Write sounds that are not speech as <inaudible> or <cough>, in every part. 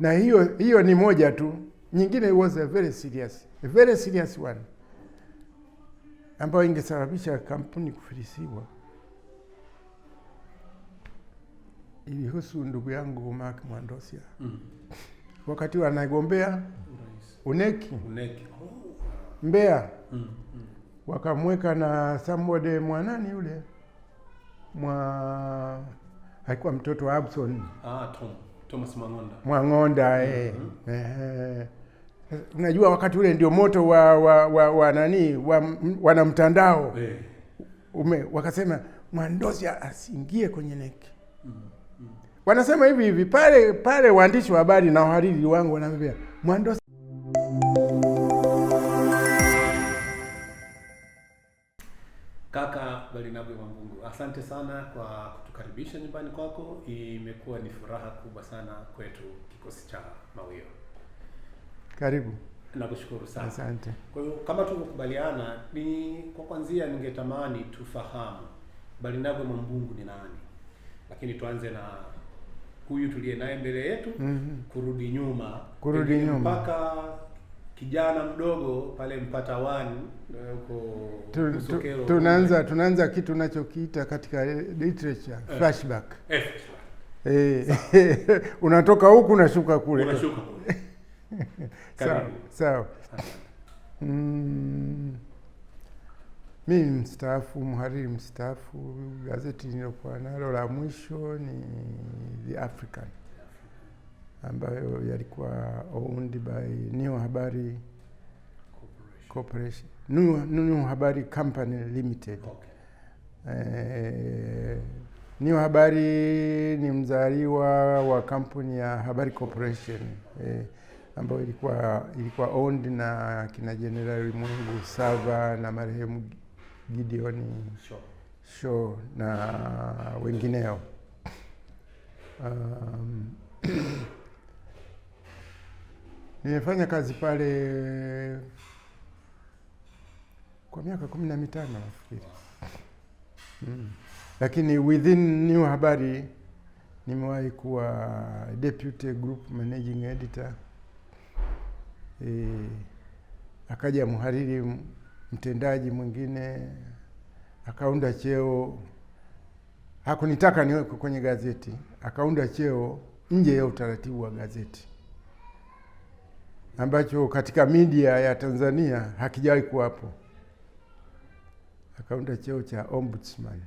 na hiyo hiyo ni moja tu, nyingine was a very serious, a very serious one ambayo ingesababisha kampuni kufilisiwa. Ilihusu ndugu yangu Mark Mwandosia mm. wakati wanagombea uneki, uneki. Oh. Mbeya mm. mm. wakamweka na somebody mwanani yule mwa alikuwa mtoto wa Abson ah, Tom. Thomas Mwang'onda, Mwang'onda mm -hmm. eh. Unajua wakati ule ndio moto wa wa, wa, wa nani wa, mtandao eh. Ume, wakasema Mwandozi asiingie kwenye neki mm -hmm. Wanasema hivi hivi pale pale, waandishi wa habari na wahariri wangu wananiambia Mwandozi Kweli wa Mungu, asante sana kwa kutukaribisha nyumbani kwako. Imekuwa ni furaha kubwa sana kwetu kikosi cha Mawio. Karibu. Nakushukuru sana. Asante. Kwa hiyo kama tumekubaliana, ni kwa kwanza ningetamani tufahamu Barnaba Mwambungu ni nani, lakini tuanze na huyu tuliye naye mbele yetu mm -hmm. kurudi nyuma, kurudi nyuma mpaka kijana mdogo pale Mpata One eh, huko tu, tu, tunaanza tunaanza kitu nachokiita katika literature eh, flashback eh, eh, eh, <laughs> unatoka huku unashuka kule, unashuka kule. <laughs> sawa mm. mi ni mstaafu, mhariri mstaafu. Gazeti niliokuwa nalo la mwisho ni The African ambayo yalikuwa owned by New Habari Corporation Nunu Habari Company Limited. Okay. Eh, New Habari ni mzaliwa wa kampuni ya Habari Corporation eh, ambayo ilikuwa ilikuwa owned na kina General Mwengu Sava na marehemu Gideon Shaw na wengineo. Um, <clears throat> nimefanya kazi pale kwa miaka kumi na mitano nafikiri mm. Lakini within New Habari nimewahi kuwa deputy group managing editor e, akaja mhariri mtendaji mwingine akaunda cheo, hakunitaka niweko kwenye gazeti, akaunda cheo nje ya utaratibu wa gazeti ambacho katika media ya Tanzania hakijawahi kuwapo akaunda cheo cha ombudsman.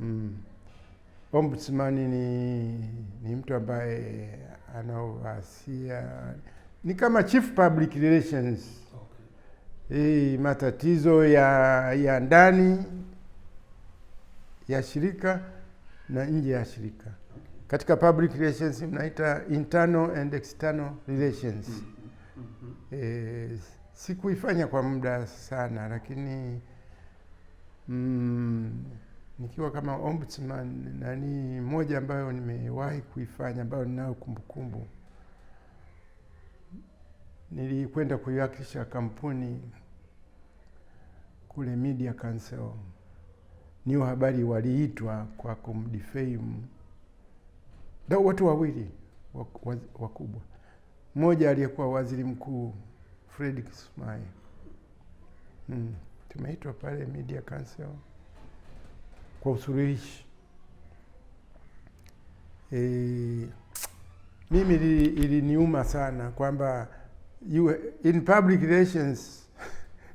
Mm. Ombudsman ni, ni mtu ambaye anaowasia ni kama chief public relations Okay. e, matatizo ya ya ndani ya shirika na nje ya shirika. Katika public relations mnaita internal and external relations. Mm -hmm. E, Sikuifanya kwa muda sana, lakini mm, nikiwa kama ombudsman nani, moja ambayo nimewahi kuifanya ambayo ninayo kumbukumbu, nilikwenda kuiwakilisha kampuni kule Media Council. New Habari waliitwa kwa kumdifame ndo watu wawili wakubwa, mmoja aliyekuwa waziri mkuu Fred Kismai. hmm. Tumeitwa pale Media Council kwa usuluhishi. E, mimi iliniuma sana kwamba you in public relations <laughs>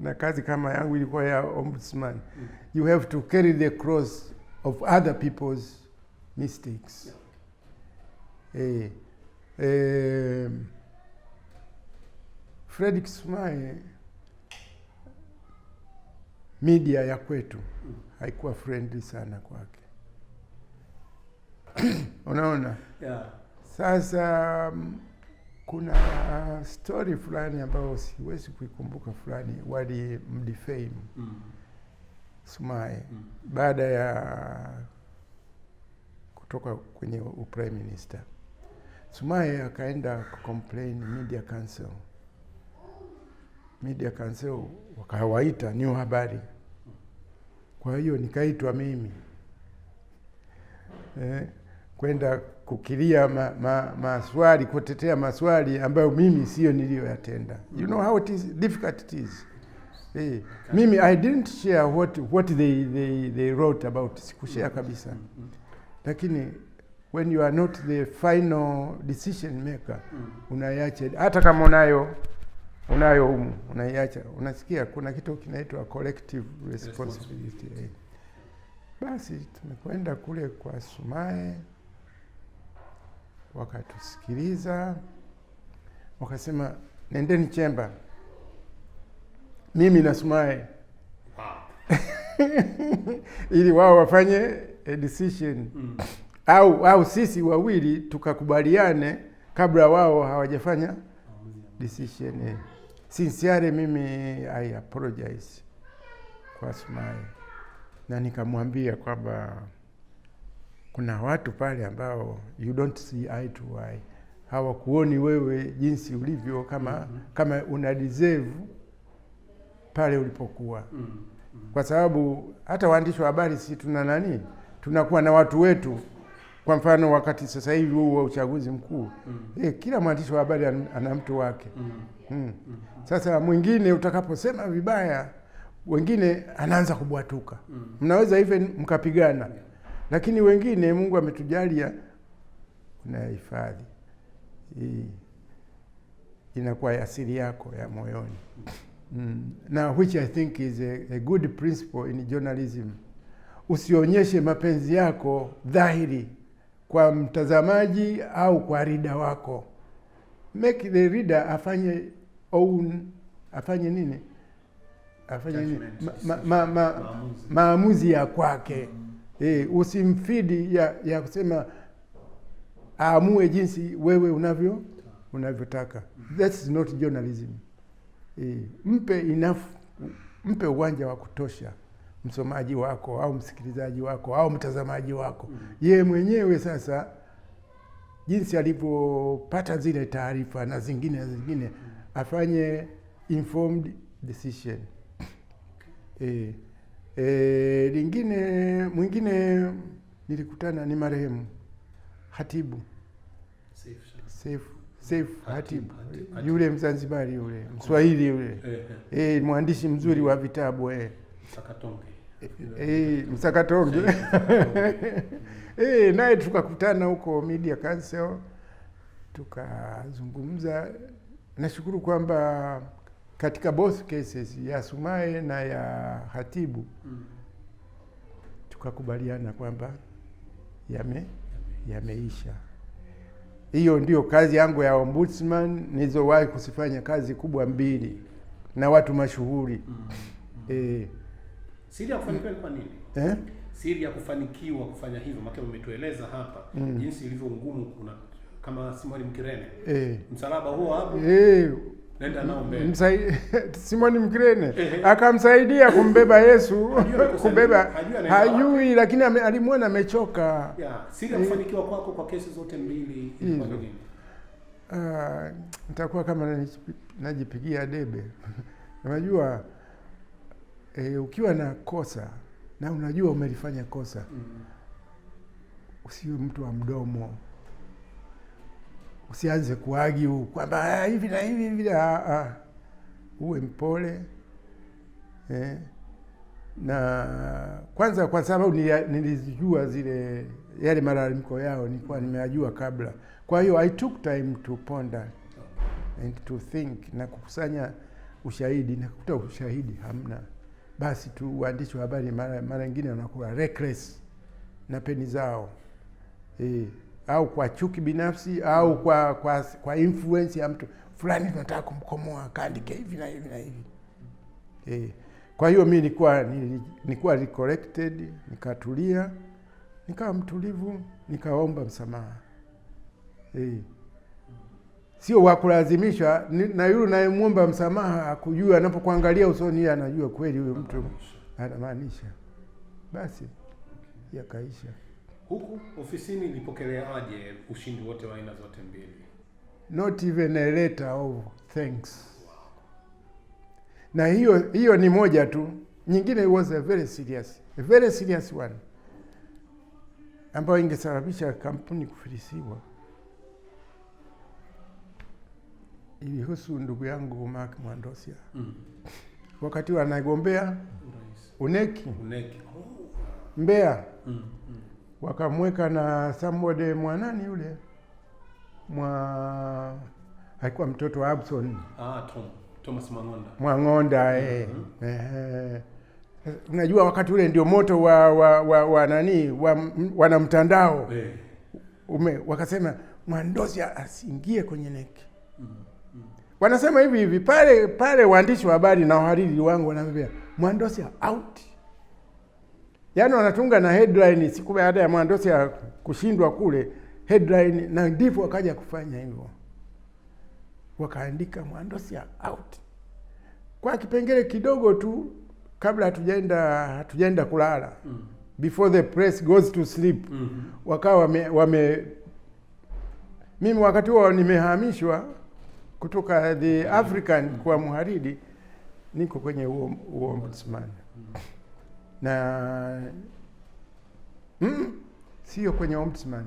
na kazi kama yangu ilikuwa ya ombudsman mm. you have to carry the cross of other people's mistakes yeah. e, e, Fred Kisumae media ya kwetu haikuwa friendly sana kwake. <coughs> Unaona? Yeah. Sasa mm, kuna story fulani ambayo siwezi kuikumbuka fulani wali mdifame mm. Sumae mm. baada ya kutoka kwenye uprime minister sumae akaenda kucomplain media council Media Council wakawaita New Habari, kwa hiyo nikaitwa mimi eh, kwenda kukilia ma, ma, maswali kutetea maswali ambayo mimi sio niliyoyatenda. You know how it is difficult it is eh, mimi I didn't share what, what they, they, they wrote about, sikushare kabisa, lakini when you are not the final decision maker, unayaacha hata kama unayo unayo umu unaiacha. Unasikia kuna kitu kinaitwa collective responsibility. Basi tumekwenda kule kwa Sumaye, wakatusikiliza, wakasema nendeni chemba, mimi na Sumaye <laughs> ili wao wafanye a decision mm. au au sisi wawili tukakubaliane kabla wao hawajafanya decision sincere mimi I apologize kwa Smile na nikamwambia kwamba kuna watu pale ambao you don't see eye to eye, hawakuoni wewe jinsi ulivyo kama mm -hmm. kama una deserve pale ulipokuwa mm -hmm. kwa sababu hata waandishi wa habari si tuna nani, tunakuwa na watu wetu kwa mfano wakati sasa hivi huu wa uchaguzi mkuu mm. eh, kila mwandishi wa habari ana mtu wake mm. mm. Mm. Sasa mwingine utakaposema vibaya, wengine anaanza kubwatuka mm. mnaweza hivi mkapigana yeah. Lakini wengine Mungu ametujalia, unahifadhi hii inakuwa asili yako ya moyoni mm. mm. na which I think is a, a good principle in journalism, usionyeshe mapenzi yako dhahiri kwa mtazamaji au kwa rida wako. Make the reader afanye own, afanye nini, afanye nini, ma, ma, ma, ma, maamuzi ya kwake mm. E, usimfidi ya, ya kusema aamue jinsi wewe unavyo unavyotaka. Mm-hmm. That's not journalism. E, mpe enough, mpe uwanja wa kutosha msomaji wako au msikilizaji wako au mtazamaji wako mm. Ye mwenyewe sasa jinsi alivyopata zile taarifa na zingine na zingine mm. afanye informed decision okay. E, e, lingine mwingine nilikutana ni marehemu Hatibu Safe, Safe, hatibu, Hatibu, Hatibu yule Mzanzibari yule Mswahili yule eh, eh. eh, mwandishi mzuri wa vitabu eh. Sakatonge eh, Msakatonge eh, naye tukakutana huko Media Council tukazungumza. Nashukuru kwamba katika both cases ya Sumaye na ya Hatibu mm. tukakubaliana kwamba yame yameisha. Hiyo ndio kazi yangu ya ombudsman, nilizowahi kusifanya kazi kubwa mbili na watu mashuhuri mm. eh, Siri ya kufanikiwa ilikuwa nini? Eh? Siri ya kufanikiwa kufanya hivyo, maana umetueleza hapa mm. jinsi ilivyo ngumu kuna kama Simoni Mkirene. Eh. Msalaba huo hapo. Eh. <laughs> Simoni Mkirene eh, eh. akamsaidia kumbeba Yesu, kubeba hajui lakini alimwona amechoka. Siri ya eh. kufanikiwa kwako kwa kesi zote mbili ilikuwa nini? Ah, nitakuwa kama najipigia debe. <laughs> Unajua e, ukiwa na kosa na unajua umelifanya kosa mm. usiwe mtu wa mdomo, usianze kuagiu kwamba ah, hivi na hivi hivi. Ah, ah. Uwe mpole eh, na kwanza, kwa sababu nilizijua zile yale malalamiko yao, nilikuwa mm-hmm. nimeajua kabla. Kwa hiyo I took time to ponder and to think na kukusanya ushahidi, nakuta ushahidi hamna basi tu waandishi wa habari mara nyingine wanakuwa reckless na peni zao e, au kwa chuki binafsi au mm. kwa kwa, kwa influence ya mtu fulani, tunataka kumkomoa kaandike hivi na hivi na hivi e. Kwa hiyo mi nilikuwa nilikuwa recollected, nikatulia, nikawa mtulivu, nikaomba msamaha e sio wa kulazimishwa, na yule nayemwomba msamaha akujua, anapokuangalia usoni, yeye anajua kweli huyu mtu anamaanisha. Basi yakaisha. Huku ofisini ilipokeleaje ushindi wote wa aina zote mbili? Not even a letter of thanks. Na hiyo hiyo ni moja tu, nyingine was a very serious, a very serious one ambayo ingesababisha kampuni kufilisiwa. ilihusu ndugu yangu Mark Mwandosia mm. wakati wanagombea uneki, uneki. mbea mm. mm. wakamweka na somebody mwanani yule mwa alikuwa mtoto wa Abson ah, Tom. Thomas Mang'onda, Mang'onda mm -hmm. eh. Mm. Unajua wakati ule ndio moto wa wa, wa, wa nani wa, eh. ume wakasema Mwandosia asiingie kwenye neki mm -hmm wanasema hivi hivi pale pale, waandishi wa habari na wahariri wangu wananiambia Mwandosi out, yaani wanatunga na headline siku baada ya Mwandosi ya kushindwa kule headline, na ndipo wakaja kufanya hivyo, wakaandika Mwandosi out kwa kipengele kidogo tu kabla hatujaenda hatujaenda kulala mm. before the press goes to sleep mm -hmm. wakawa wame, wame mimi wakati huo nimehamishwa kutoka the African kwa muhariri, niko kwenye uo, uo ombudsman na mm, sio kwenye ombudsman,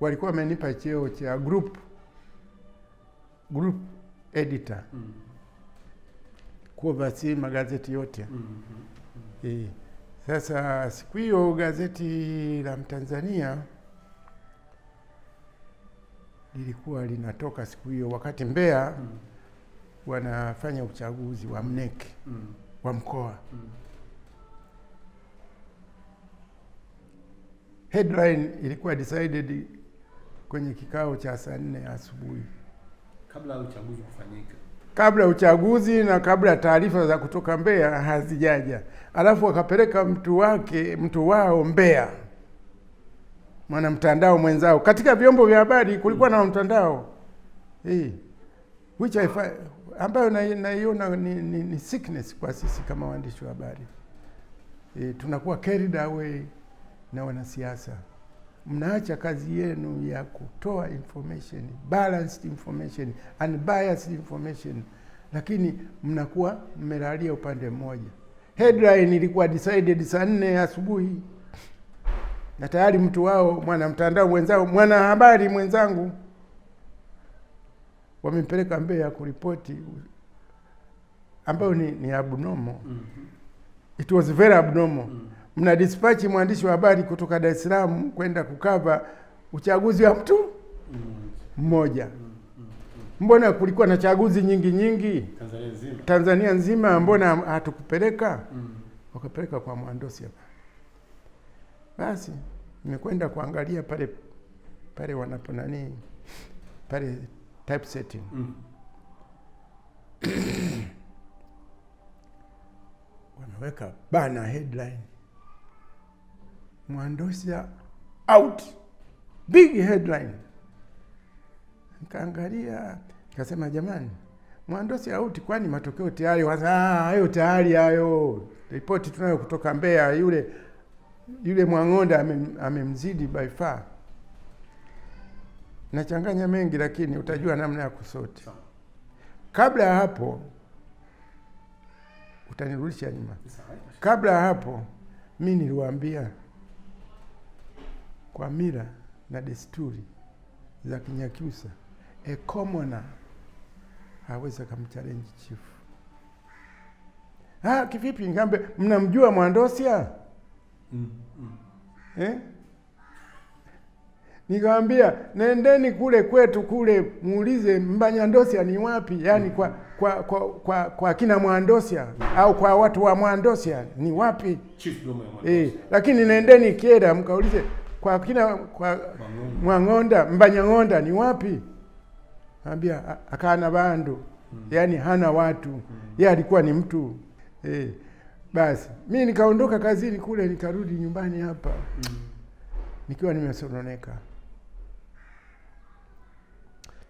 walikuwa wamenipa cheo cha group group editor kuovasi magazeti yote e. Sasa siku hiyo gazeti la Mtanzania lilikuwa linatoka siku hiyo wakati Mbeya mm. wanafanya uchaguzi wa mneke mm. wa mkoa mm. headline ilikuwa decided kwenye kikao cha saa nne asubuhi kabla uchaguzi kufanyika, kabla uchaguzi na kabla taarifa za kutoka Mbeya hazijaja, alafu wakapeleka mtu wake mtu wao Mbeya mwanamtandao mwenzao katika vyombo vya habari kulikuwa na mtandao hey, which I find, ambayo naiona ni, ni, ni sickness kwa sisi kama waandishi wa habari hey, tunakuwa carried away na wanasiasa. Mnaacha kazi yenu ya kutoa information, balanced information, unbiased information, lakini mnakuwa mmelalia upande mmoja. Headline ilikuwa decided saa nne asubuhi na tayari mtu wao mwana mtandao mwenzao mwanahabari mwenzangu wamempeleka Mbeya kuripoti, ambayo ni, ni abnomo mm -hmm. It was very abnomo mm -hmm. Mna dispachi mwandishi wa habari kutoka Dar es Salaam kwenda kukava uchaguzi wa mtu mm. mmoja mm -hmm. Mbona kulikuwa na chaguzi nyingi nyingi Tanzania nzima, Tanzania nzima mbona hatukupeleka? mm -hmm. Wakapeleka kwa Mwandosi hapa basi nimekwenda kuangalia pale pale wanapo nani pale type setting mm. <clears throat> wameweka bana headline Mwandosia out big headline. Nikaangalia nikasema, jamani, Mwandosi out, kwani matokeo tayari? Ah, hayo tayari hayo, ripoti tunayo kutoka Mbeya yule yule Mwang'onda amemzidi by far. Nachanganya mengi, lakini utajua namna ya kusoti. Kabla ya hapo utanirudisha nyuma. Kabla ya hapo, mi niliwaambia kwa mila na desturi za Kinyakyusa, a commoner hawezi chifu. Ah, kivipi? Ngambe, mnamjua Mwandosia? Mm, mm, Eh? nendeni kule kwetu kule muulize Mbanyandosia ni wapi, yaani kwa kwa kwa kwa, kwa kina Mwandosia au kwa watu wa Mwandosia ni wapi eh, lakini nendeni Kyela mkaulize kwa kina kwa Mwang'onda Mbanyang'onda ni wapi? Ambia akana bandu mm. yaani hana watu mm. Ye alikuwa ni mtu eh. Basi mi nikaondoka kazini kule nikarudi nyumbani hapa nikiwa nimesononeka.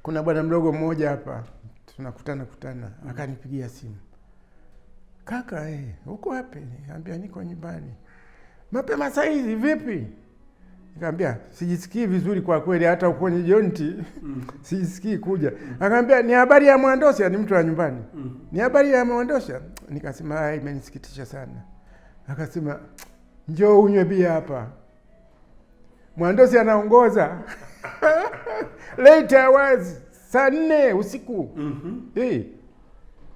Kuna bwana mdogo mmoja hapa tunakutana kutana, akanipigia simu, kaka eh, uko wapi? Niambia niko nyumbani. Mapema saa hizi vipi? Nikamwambia sijisikii vizuri kwa kweli, hata kwenye jonti mm. <laughs> sijisikii kuja mm. Akamwambia ni habari ya Mwandosha, ni mtu wa nyumbani mm. ni habari ya Mwandosha. Nikasema ah, imenisikitisha sana. Akasema njoo unywe bia hapa, Mwandosi anaongoza <laughs> late hours, saa nne usiku mm -hmm.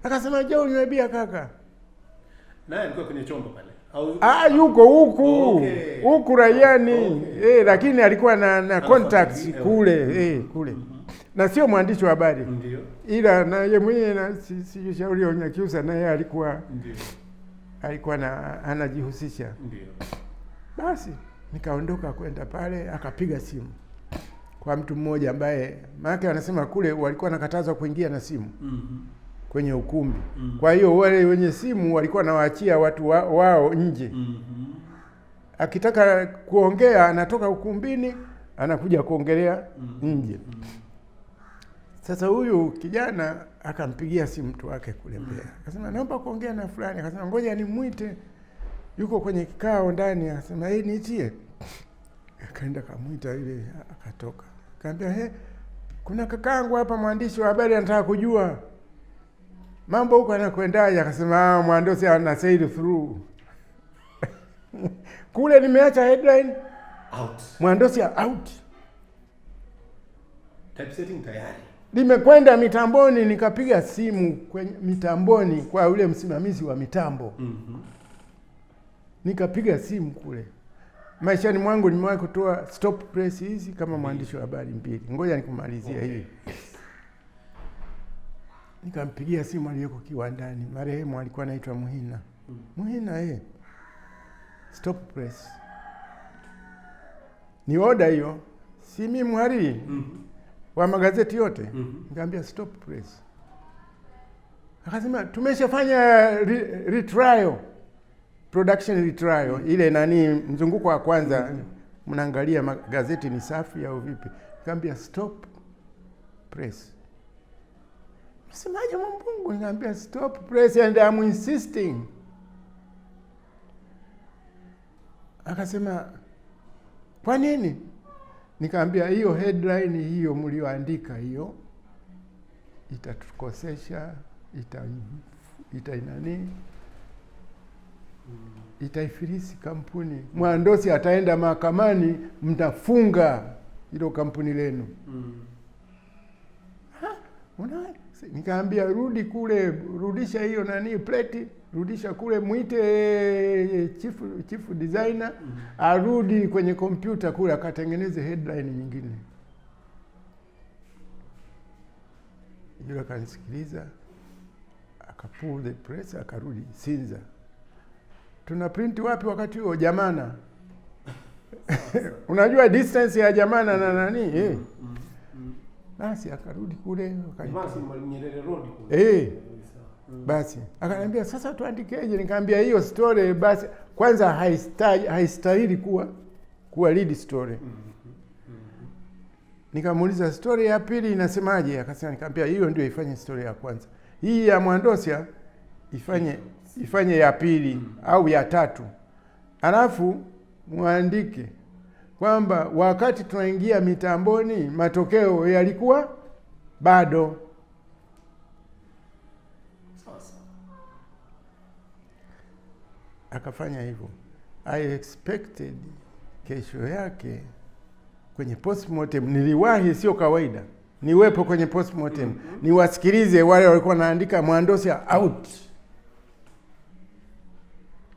Akasema njoo unywe bia kaka, naye alikuwa kwenye chombo pale Ah, yuko huku huku okay. Raiani okay. Eh, lakini alikuwa na, na contacts kule eh, kule mm -hmm. na sio mwandishi wa habari ndio, ila na yeye mwenyewe na si shauri Wanyakyusa na yeye alikuwa ndio alikuwa na anajihusisha ndio. Basi nikaondoka kwenda pale, akapiga simu kwa mtu mmoja ambaye maana anasema kule walikuwa nakatazwa kuingia na simu mm -hmm kwenye ukumbi mm. -hmm. Kwa hiyo wale wenye simu walikuwa nawaachia watu wa, wao nje mm -hmm. Akitaka kuongea anatoka ukumbini anakuja kuongelea mm -hmm. nje mm -hmm. Sasa huyu kijana akampigia simu mtu wake kule Mbeya mm -hmm. Akasema naomba kuongea na fulani, akasema ngoja nimwite, yuko kwenye kikao ndani, akasema hey, niitie. <laughs> Akaenda kamwita ile akatoka, akaambia he, kuna kakaangu hapa mwandishi wa habari anataka kujua mambo huko yanakwendaje? Akasema ah, mwandosi ana sail through <laughs> kule nimeacha headline out, mwandosi out, typesetting tayari limekwenda mitamboni. Nikapiga simu kwenye mitamboni kwa yule msimamizi wa mitambo mm -hmm. Nikapiga simu kule. Maishani mwangu nimewahi kutoa stop press hizi kama mwandishi wa habari mbili. Ngoja nikumalizia okay. hii Nikampigia simu aliyeko kiwandani, marehemu alikuwa anaitwa Muhina mm. Muhina eh, stop press ni oda hiyo, si mimi mhariri mm. Mm-hmm. wa magazeti yote mm. Nikamwambia stop press, akasema tumeshafanya re production retrial mm. ile nani mzunguko wa kwanza mm. mnaangalia magazeti ni safi au vipi? Nikamwambia stop press Msemaji wa Mungu niambia stop president, I'm insisting. Akasema kwa nini? Nikaambia hiyo headline hiyo mlioandika hiyo itatukosesha ita, ita nani itaifilisi kampuni. Mwandosi ataenda mahakamani, mtafunga ilo kampuni lenu. mm una nikaambia, rudi kule, rudisha hiyo nani plate, rudisha kule, mwite eh, chief chief designer mm -hmm. arudi kwenye kompyuta kule akatengeneze headline nyingine. Yule akanisikiliza akapull the press, akarudi Sinza. Tuna print wapi wakati huo jamana? <laughs> Unajua distance ya jamana na nani eh? mm -hmm basi akarudi kule eh, basi akaniambia sasa tuandikeje? nikaambia hiyo story basi kwanza haistahili kuwa kuwa lead story. Mm-hmm. Mm-hmm. Nikamuuliza story ya pili inasemaje? Akasema, nikamwambia hiyo ndio ifanye story ya kwanza, hii ya Mwandosia ifanye mm-hmm. ifanye ya pili au ya tatu, alafu mwandike kwamba wakati tunaingia mitamboni matokeo yalikuwa bado. Akafanya hivyo. I expected kesho yake kwenye postmortem, niliwahi. Sio kawaida niwepo kwenye postmortem mm -hmm. Niwasikilize wale walikuwa naandika Mwandosi out,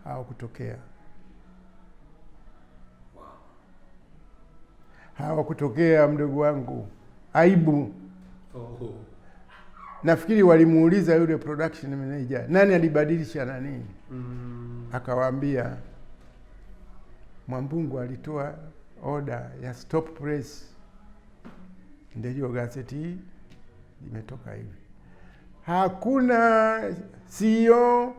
hawakutokea. hawakutokea mdogo wangu, aibu. Oh. Nafikiri walimuuliza yule production manager nani alibadilisha na nini? Mm. Akawaambia Mwambungu alitoa oda ya stop press, ndio hiyo gazeti imetoka hivi. Hakuna CEO,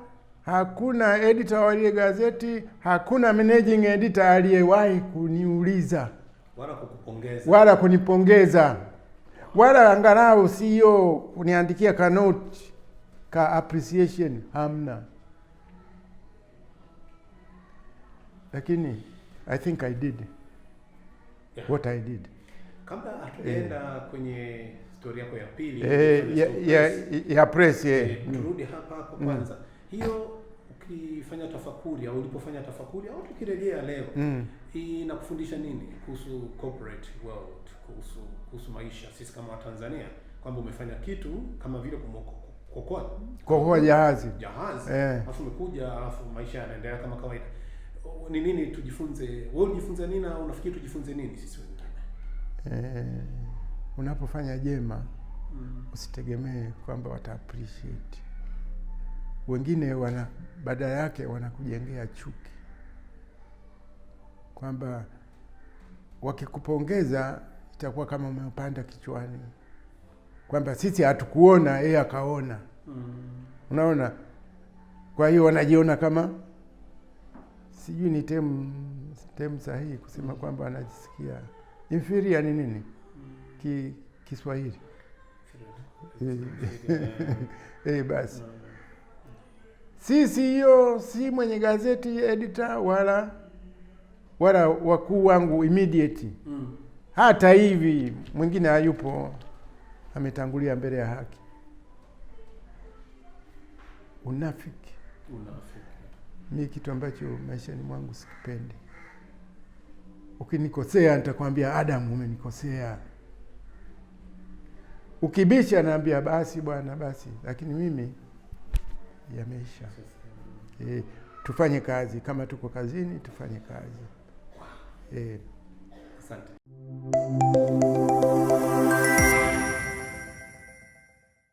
hakuna editor wa ile gazeti, hakuna managing editor aliyewahi kuniuliza wala kukupongeza wala kunipongeza wala angalau sio kuniandikia kanoti ka appreciation hamna, lakini I think I did yeah. what I did. Kabla hatujaenda eh, kwenye stori yako ya pili eh, ya, ya, ya press eh. eh, turudi hapa hapo mm. kwanza mm. hiyo tukifanya tafakuri au ulipofanya tafakuri au tukirejea leo mm. inakufundisha nini kuhusu corporate world, kuhusu kuhusu maisha sisi kama Watanzania, kwamba umefanya kitu kama vile kukokoa kokoa jahazi jahazi eh. alafu umekuja alafu maisha yanaendelea kama kawaida. Ni nini tujifunze? Wewe ujifunze nini na unafikiri tujifunze nini sisi wengine eh? Unapofanya jema mm. usitegemee kwamba wata appreciate wengine wana baada yake wanakujengea chuki kwamba wakikupongeza itakuwa kama umepanda kichwani, kwamba sisi hatukuona yeye akaona. mm. Unaona, kwa hiyo wanajiona kama, sijui ni temu temu sahihi kusema mm. kwamba wanajisikia inferior. Ni nini mm. ki Kiswahili? E, <laughs> basi mm si CEO, si mwenye gazeti editor, wala wala wakuu wangu immediate mm. Hata hivi mwingine hayupo, ametangulia mbele ya haki. Unafiki, mi kitu ambacho maishani mwangu sikipendi. Ukinikosea nitakwambia Adam, umenikosea. Ukibisha naambia basi bwana, basi. Lakini mimi yameisha. E, tufanye kazi kama tuko kazini, tufanye kazi. E. Asante.